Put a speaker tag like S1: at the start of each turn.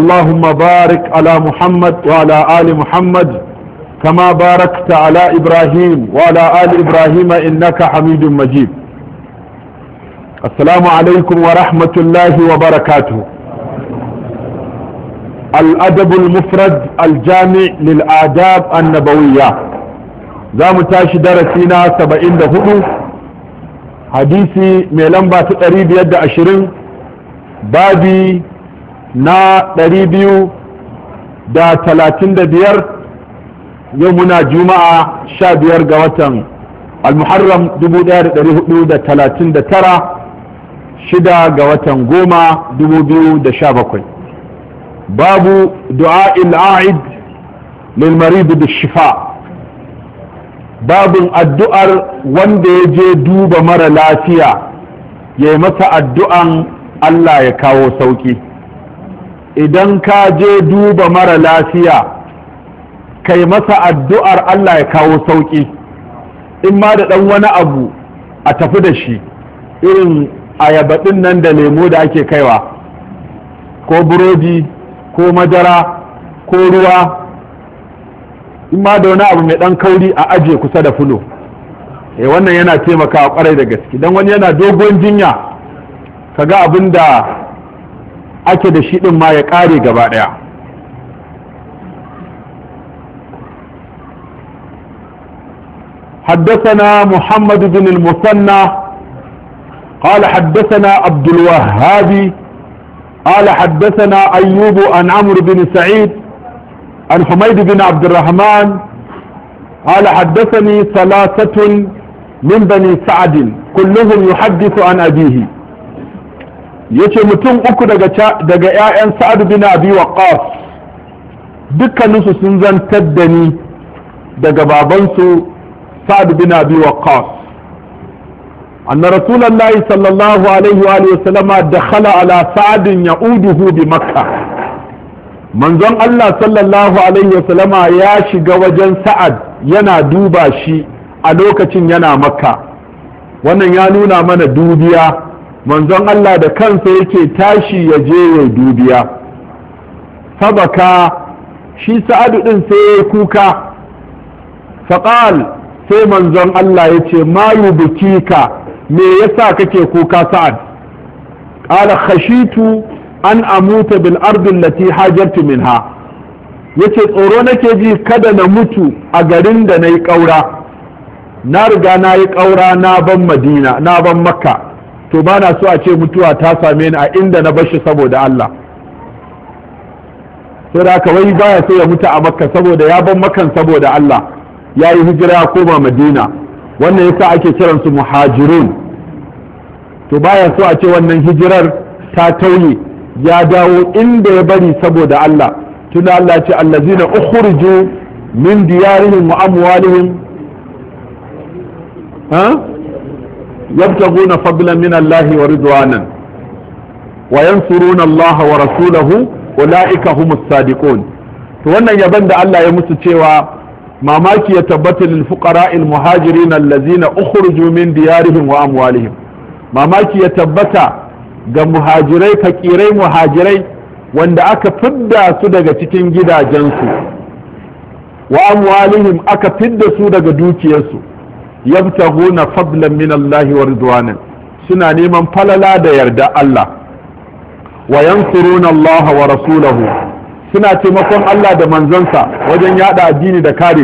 S1: اللهم بارك على محمد وعلى آل محمد كما باركت على إبراهيم وعلى آل إبراهيم إنك حميد مجيد السلام عليكم ورحمة الله وبركاته الأدب المفرد الجامع للآداب النبوية زام تاشي درسينا سبعين دهدو حديثي ميلمبا تقريب يد أشرين بابي na ɗari biyu da talatin da biyar yau muna juma'a sha biyar ga watan almuharram dubu ɗaya da ɗari da talatin da tara shida ga watan goma dubu biyu da sha bakwai babu du'a il'a'id lil da shifa babin addu'ar wanda ya je duba mara lafiya ya yi masa addu'an Allah ya kawo sauƙi. idan ka je duba mara lafiya kai masa addu'ar Allah ya kawo sauƙi in ma da ɗan wani abu a tafi da shi irin ayaba ayabaɗin nan da lemo da ake kaiwa ko burodi ko madara ko ruwa in ma da wani abu mai ɗan kauri a aje kusa da fulo e wannan yana taimakawa kwarai da gaske don wani yana dogon jinya ka ga abin da ake da shi ɗin ma ya ƙare gaba ɗaya حدثنا محمد بن المثنى قال حدثنا عبد الوهاب قال حدثنا أيوب عن عمرو بن سعيد عن حميد بن عبد الرحمن قال حدثني ثلاثة من بني سعد كلهم يحدث عن أبيه yace mutum uku daga daga ƴaƴan Sa'ad bin Abi Waqqas dukkaninsu sun zantar da ni daga babansu Sa'ad bin Abi Waqqas anna sallallahu alaihi wa alihi wasallama dakhala ala Sa'ad ya'uduhu bi Makkah manzon Allah sallallahu alaihi wasallama ya shiga wajen Sa'ad yana duba shi a lokacin yana Makka wannan ya nuna mana dubiya manzon Allah da kansa yake tashi ya je ya dubiya Sabaka shi sa'adu din sai ya kuka faqal sai manzon Allah ya ce biki ka me yasa kake kuka sa'ad qala khashitu an amuta bil ardi allati hajartu minha yace tsoro nake ji kada na mutu a garin da nayi kaura na riga na yi kaura na ban madina na ban makka to ba na so a ce mutuwa ta same ni a inda na bashi saboda Allah sai da ka wai baya so ya mutu a makka saboda ya ban makan saboda Allah ya yi hijira ya koma madina wannan yasa ake kiran su muhajirun to baya so a ce wannan hijirar ta tauye ya dawo inda ya bari saboda Allah tuna Allah ce allazina ukhriju min diyarihim wa amwalihim ha yabtaguna fadlan min Allah wa ridwanan wa yansuruna Allah wa rasulahu ulaika humus sadiqun to wannan da Allah ya musu cewa mamaki ya tabbata lil fuqara'il muhajirin allazina ukhruju min diyarihim wa amwalihim mamaki ya tabbata ga muhajirai fakirai muhajirai wanda aka fidda su daga cikin gidajensu wa amwalihim aka fidda su daga dukiyarsu yabtaghuna fadlan min Allah wa ridwanan suna neman falala da yarda Allah wa yansuruna Allah wa rasulahu suna taimakon Allah da manzansa wajen yada addini da kare